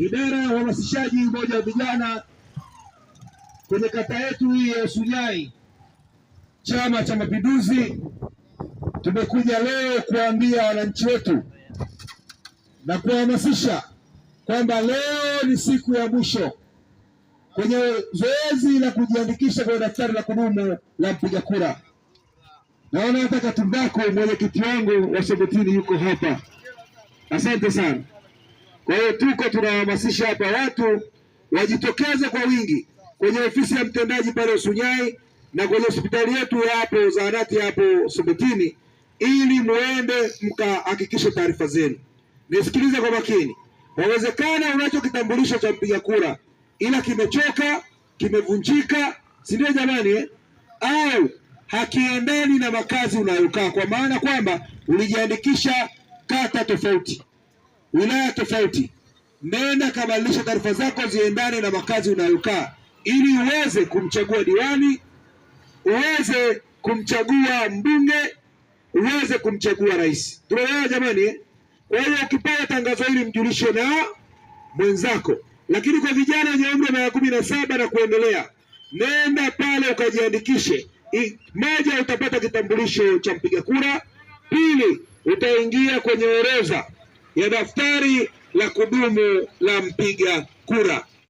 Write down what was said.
Idara ya uhamasishaji umoja wa vijana kwenye kata yetu hii ya sunyai Chama cha Mapinduzi, tumekuja leo kuambia wananchi wetu na kuhamasisha kwamba leo ni siku ya mwisho kwenye zoezi la kujiandikisha kwenye daftari la kudumu la mpiga kura. Naona hata Katumbako, mwenyekiti wangu wa Sogetini, yuko hapa. Asante sana. Kwa hiyo tuko tunawahamasisha hapa watu wajitokeze kwa wingi kwenye ofisi ya mtendaji pale Usunyai na kwenye hospitali yetu hapo zahanati hapo Sombetini, ili muende mkahakikishe taarifa zenu. Nisikilize kwa makini, wawezekana unacho kitambulisho cha mpiga kura ila kimechoka, kimevunjika, si ndio jamani eh? au hakiendani na makazi unayokaa, kwa maana kwamba ulijiandikisha kata tofauti wilaya tofauti, nenda kabadilisha taarifa zako ziendane na makazi unayokaa, ili uweze kumchagua diwani, uweze kumchagua mbunge, uweze kumchagua rais. Tunaelewa jamani? Eh? Kwa hiyo ukipata tangazo hili mjulishe na mwenzako. Lakini kwa vijana wenye umri wa miaka kumi na saba na kuendelea, nenda pale ukajiandikishe. Moja, utapata kitambulisho cha mpiga kura; pili, utaingia kwenye orodha ya daftari la kudumu la mpiga kura.